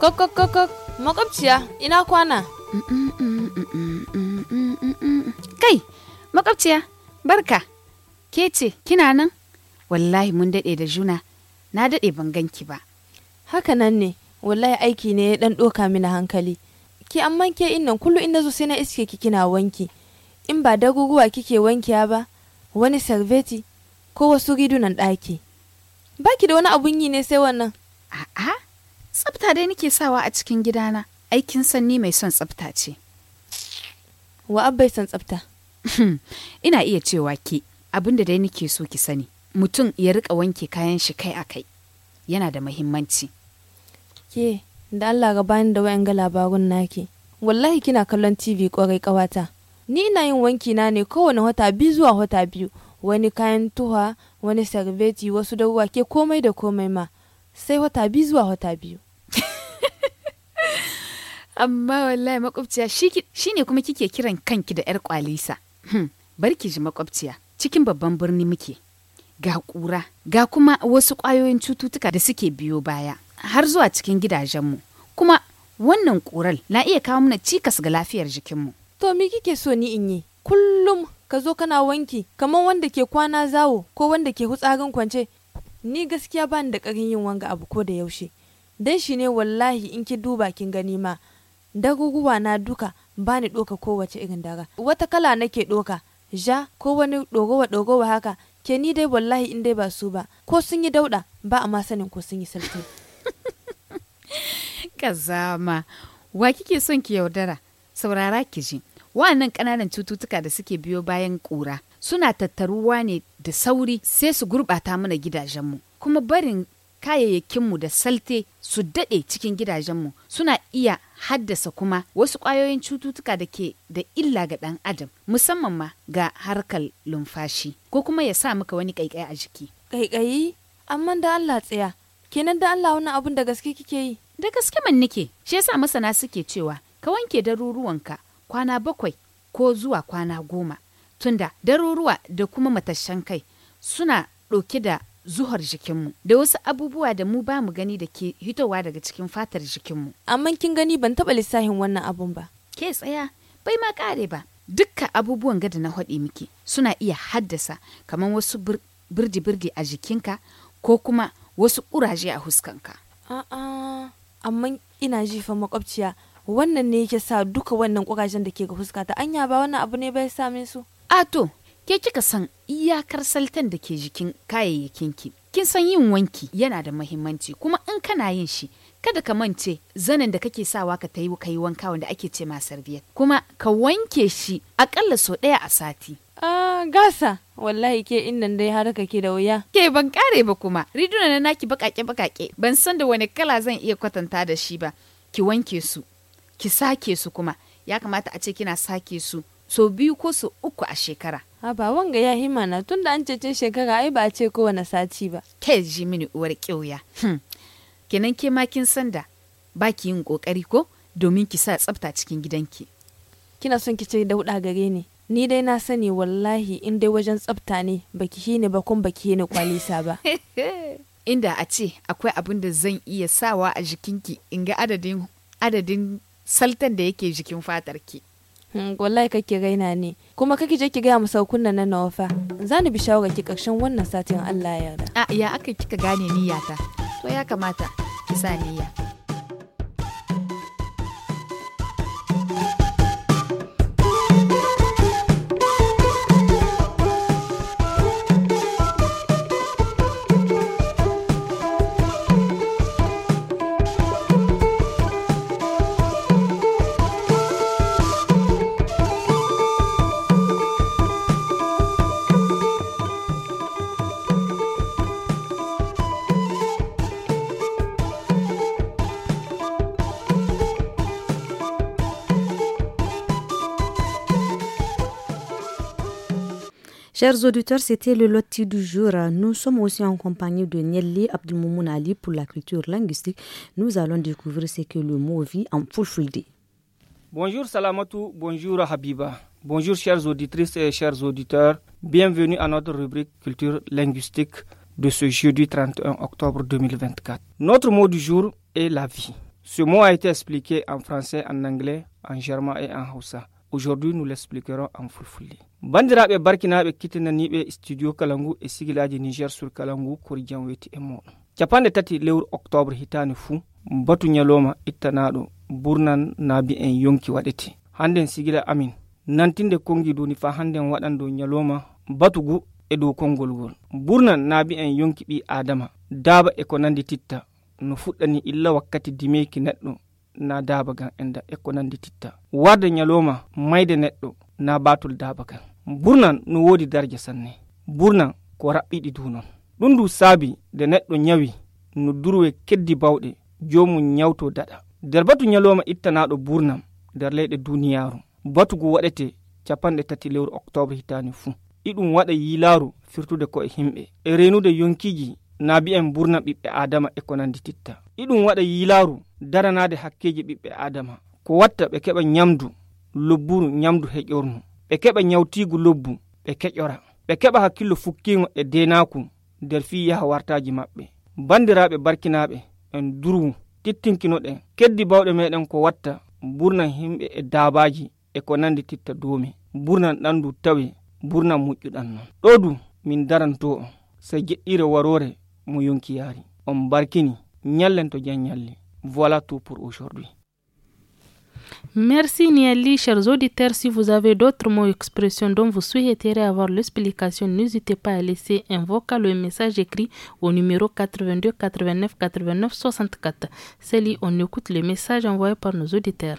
Coco, coco, coco. Makwabciya, ina kwana? Kai, makwabciya, barka, ke ce, kina nan? Wallahi mun daɗe da juna, na daɗe ban ganki ba. Haka nan ne, wallahi aiki ne ya ɗan ɗoka mini hankali. Ki amma ke innan kullum inda zo sai na iske ki kina wanki. In ba daguguwa kike wankiya ba, wani sarveti ko wasu ridunan ɗaki. Baki da wani abun yi ne sai wannan. A'a. Tsafta dai nake sawa a cikin gidana, aikin sanni mai son tsafta ce. Wa abbai son tsafta? Ina iya cewa ke, abin da dai nake so ki sani, mutum ya rika wanke kayan shi kai a kai. Yana da muhimmanci. Ke, da Allah gabanin da wayan ga labarun naki. Wallahi kina kallon TV kwarai kawata. Ni ina yin wanki na ne kowane wata biyu zuwa wata biyu, wani kayan tuha, wani sarveti, wasu da ruwa ke komai da komai ma. Sai wata biyu zuwa wata biyu. amma wallahi makwabciya shi ne kuma kike kiran kanki da yar kwalisa hmm, barki ji makwabciya cikin babban birni muke ga kura ga kuma wasu kwayoyin cututtuka da suke biyo baya har zuwa cikin gidajenmu kuma wannan kural na iya kawo mana cikas ga lafiyar jikinmu to me kike so ni in yi kullum ka zo kana wanki kamar wanda ke kwana zawo ko wanda ke hutsarin kwance ni gaskiya bani da karin yin wanga abu ko da yaushe dan shi ne wallahi in ki duba kin gani ma daguguwa na duka bani ɗoka kowace irin daga wata kala nake ɗoka ja ko wani ɗogowa ɗogowa haka ke ni dai wallahi in dai ba su ba ko sun yi dauɗa ba a ma sanin ko sun yi kazama wa kike son ki yaudara saurara ki ji wa'annan ƙananan cututtuka da suke biyo bayan ƙura suna tattaruwa ne da sauri sai su gurɓata mana gidajenmu kuma barin kayayyakinmu da salte su daɗe cikin gidajenmu suna iya haddasa kuma wasu ƙwayoyin cututtuka da ke da illa ga ɗan adam musamman ma ga harkar lumfashi ko kuma ya sa muka wani ƙaiƙayi a jiki. Ƙaiƙayi? Amma da Allah tsaya, kenan da Allah wani abun da gaske kike yi? Da gaske man nike, shi yasa masana suke cewa ka wanke daruruwanka kwana bakwai ko zuwa kwana goma tunda daruruwa da kuma matashan kai suna ɗauke da zuhar jikinmu da wasu abubuwa da mu ba mu gani da ke hitowa daga cikin fatar jikinmu. Amma kin gani ban taɓa lissafin wannan abun ba. Ke tsaya bai ma kare ba. Dukka abubuwan gada na haɗe miki suna iya haddasa kamar wasu birdi-birdi a jikinka ko kuma wasu ƙuraje a huskanka. A'a, amma ina jifa makwabciya wannan ne yake sa duka wannan ƙurajen da ke ga fuskata anya ba wannan abu ne bai same su. A to, Ke kika san iyakar saltan da ke jikin kayayyakinki. Kin san yin wanki yana da mahimmanci kuma in kana yin shi kada ka mance zanen da kake sawa ka ta yi wanka wanda ake ce ma sarviyat kuma ka wanke shi akalla sau ɗaya a sati. Ah, gasa wallahi ke innan dai har ka ke da wuya. Ke ban kare ba kuma riduna na naki bakake bakake ban san da wani kala zan iya kwatanta da shi ba. Ki wanke su, ki sake su kuma ya kamata a ce kina sake su so biyu ko su uku a shekara. Haba ba wanga ya hima na tun da an cece shekara ai ba a ce kowane sati ba. Kai ji mini uwar ƙyauya. Hmm. Kenan ke ma kin san da ba ki yin ƙoƙari ko domin ki sa tsafta cikin gidanki. Kina son ki ce dauɗa gare ni. Ni dai na sani wallahi in dai wajen tsafta ne baki hini ba kun baki hini kwalisa ba. Inda a ce akwai abin da zan iya sawa a jikinki in ga adadin adadin saltan da yake jikin fatarki. Hmm, wallahi kake raina ne kuma kake je ki gaya mu kunna na wafa za ni bi shawara ki karshen wannan satin Allah ya yarda a ya aka kika gane niyyata to ya kamata ki sa niyya Chers auditeurs, c'était le loti du jour. Nous sommes aussi en compagnie de Nelly Abdelmoumoun Ali pour la culture linguistique. Nous allons découvrir ce que le mot vit en fulfulde. Bonjour Salamatou, bonjour Habiba. Bonjour chers auditrices et chers auditeurs. Bienvenue à notre rubrique culture linguistique de ce jeudi 31 octobre 2024. Notre mot du jour est la vie. Ce mot a été expliqué en français, en anglais, en germain et en haussa. Aujourd'hui, nous l'expliquerons en fulfulde. bandiraɓe barkinaɓe kettinaniɓe e studio kalangu e sigilaji niger sur kalangu kori jam weti e moɗon capanɗe tati lewru octobre hitande fuu batu ñalowma ittanaɗo burnan naabi en yonki waɗete hannden sigila amin nantinde kongi duni fa hannden waɗan dow ñalowma batugu e dow konngol ngol burnan naabi en yonki ɓi adama daaba e ko nandi titta no fuɗɗani illa wakkati dimeki neɗɗo na daaba gan enda e ko nandi titta warde ñalowma mayde neɗɗo na batol daaba gan burnan no wodi darje sanne burnan ko raɓɓiɗi du non ɗum du saabi nde neɗɗo nyawi no durwe keddi bawɗe jomum nyawto daɗa nder batu nyaloma ittanaɗo burnam nder leyɗe duniyaru batugu waɗete capanɗe tati lewru octobre hitani fuu iɗum waɗa yilaru firtude ko e himɓe e renude yonkiji naabi en burnam ɓiɓɓe adama e ko nandi titta iɗum waɗa yilaru daranade hakkeji ɓiɓɓe adama ko watta ɓe keɓa nyamdu lobburu nyamdu heƴornu ɓe keɓa nyawtigu lobbu ɓe keƴora ɓe keɓa hakkillo fukkigo e denaku nder fi yaha wartaji maɓɓe bandiraɓe barkinaɓe en durwu tittinkinoɗen keddi bawɗe meɗen ko watta burnan himɓe e dabaji e ko nandi titta domi burnan ɗandu tawe burnan muƴƴuɗan noon ɗo du min daranto on so jeɗɗire warore mo yonkiyaari on barkini ñallen to jan ñalli voilà tout pour aujourd'hui Merci Niali, chers auditeurs. Si vous avez d'autres mots ou expressions dont vous souhaiterez avoir l'explication, n'hésitez pas à laisser un vocal ou un message écrit au numéro 82 89 89 64. Célie, on écoute les messages envoyés par nos auditeurs.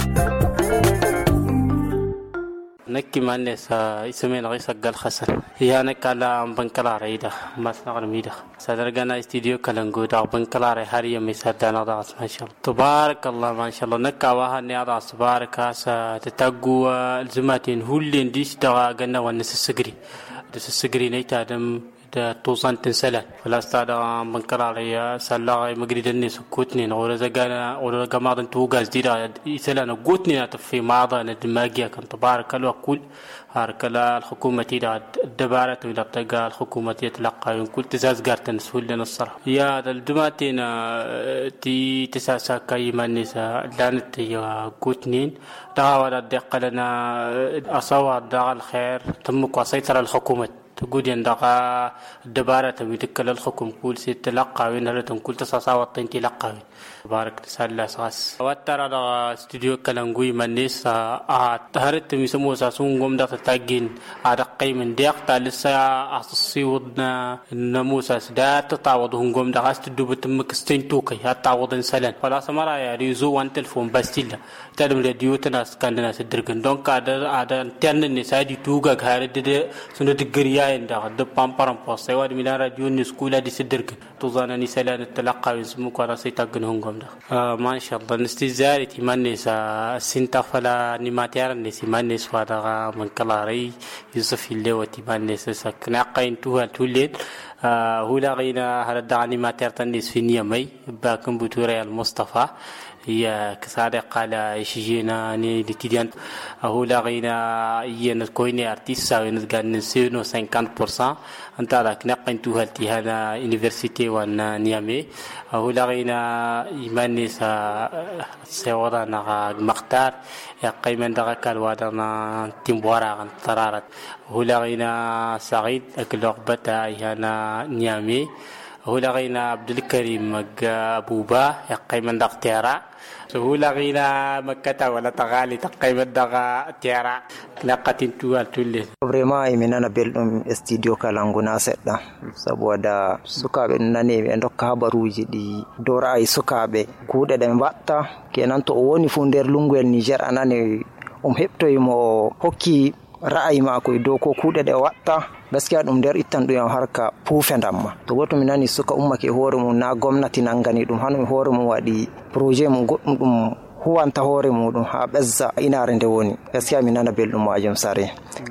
نكي ماني سا اسمين غيسا قال خسن هي نكا لا بنكلا ريدا ما سنغر ميدا سادرغانا استديو كلنجو دا بنكلا ري هاري يمي دانا دا ما شاء الله تبارك الله ما شاء الله نكا واها نيادا تبارك اسا تتقوا الزماتين هولين ديش دا غنا دس دسسغري نيتا دم توصان تنسلا فلا استاد منكر عليا سلا دني سكوتني ولا زقانا ولا قمارن غاز ديرا يسلا نقوتني في ماضا ندماجيا كان تبارك الله كل هاركلا الحكومة إلى الدبارة إلى تقا الحكومة يتلقى كل تزاز قارتن سهول لنا الصراحة يا الدماتين تي تساسا كاي نسا لانت يا كوتنين دعوة لنا أصوات دعا الخير تمك وسيطر الحكومة تقولين دقا دبارة تمتكل الخكم كل ست لقاوين هل تنقل تصاصا وطين تلقى بارك تسال آه، آه، آه، ساس وترى دقا استوديو كلام كلانقوي منيس تهرت ميسمو ساسون قم دقا تاقين على قيم ديقتا لسا أصصي ودنا نموسا سدات تطاوضهم قم دقا استوديو بتمك توكي هتاوضن سلن فلا سمرا يا ريزو وان تلفون بس تلا تدم راديو تناس كاندنا سدرقن دونك عدا عدا تنن نسادي توقع هارد سنو تقريا يندا د بامبارم بوسي واد ميلان راديو نسكولا دي سدرك توزانا ني سلا نتلقى اسمك ولا سيتاغن هونغم ده ما شاء الله نستي زاري تي مانيس سنتا فلا ني ماتيار ني سي مانيس فادا من كلاري يوسف اللي وتي مانيس سكنا قين هو لاغينا هذا ماتير تنس في نيامي باكم بوتوري المصطفى هي كسارة قال إشجينا ني لتديان أهو لغينا أرتيس كويني أرتيسا ونزغان نسينو 50% أنت لك نقن هالتي التهانا إنيفرسيتي وانا نيامي أهو لغينا إيماني سا سيورا نغا مختار يقيمن دغا كالوادنا تنبورا غن طرارت أهو لغينا سعيد أكل رغبتا إيهانا نيامي هو لغينا عبد الكريم أبو با يقيمن دغتيرا سهولة غينا مكة ولا تغالي تقيم الدغا تيارا لقة توال تولي بريما من أنا بيلم استديو دا سيدا دا سكابة ناني اندو دكا باروجي دي دورا أي سكابة كودة دم باتا كي نانتو أوني فوندر لونغويل نيجر أناني um heɓtoyimo hokki ra'ayi mako e dow ko kuuɗe ɗe watta gaskiya ɗum nder ittan ɗum yam harka puufedamma to goto mi nani suka ummake e hoore mum na gomnati nanngani ɗum hano e hoore mum waɗi projet mum goɗɗum ɗum huwanta hoore muɗum ha ɓezza inare nde woni gaskiya mi nana belɗum majum sare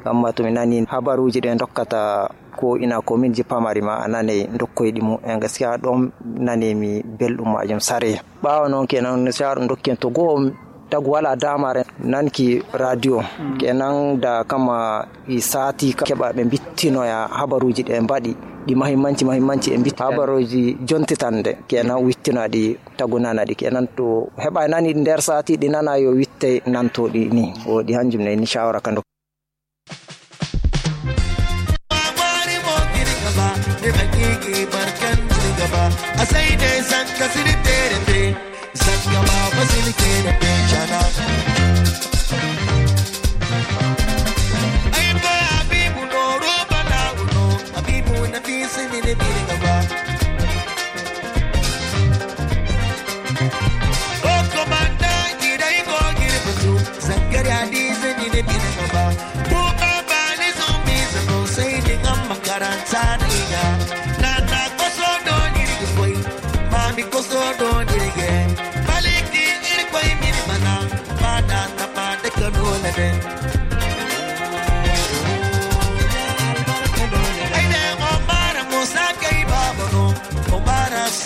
amma to mi nani habaruji ɗe dokkata ko ina kominji pamari ma a nanayi dokkoyɗi mu e gaskiya ɗon nanemi belɗum majum sare ɓawa noon kenan sa ɗum dokkien to goo dagwala damare nanki radio kenan da kama sati keɓa ɓe bittinoya habaruji ɗe mbaɗi ɗi mahimmanci mahimmanci e bit habaruji jontitande kenan wittinaɗi tagunanaɗi kenan to heɓa nani nder sati ɗi nana yo witte nantoɗi ni woɗi hanjum ne ni shawara kando a Set your mouth in the and I.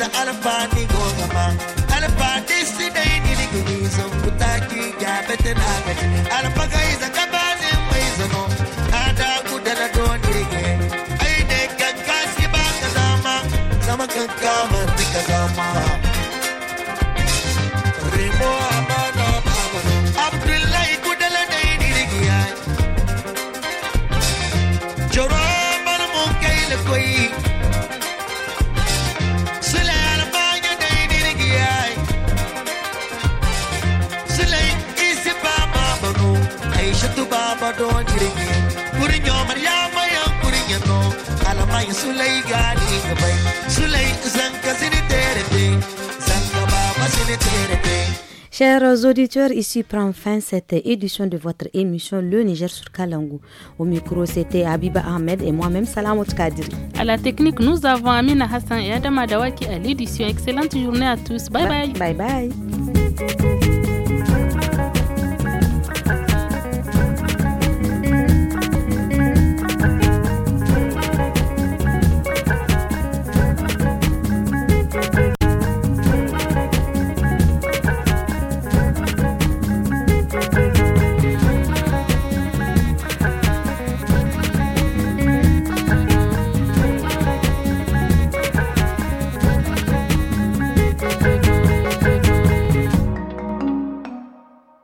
za alfani goma alfani sidai day ni zo mutaki ya bete Chers auditeurs, ici prend fin cette édition de votre émission Le Niger sur Kalangu Au micro, c'était Abiba Ahmed et moi-même Salam Kadiri. À la technique, nous avons Amina Hassan et Adam Adawaki à l'édition. Excellente journée à tous. Bye bye. Bye bye.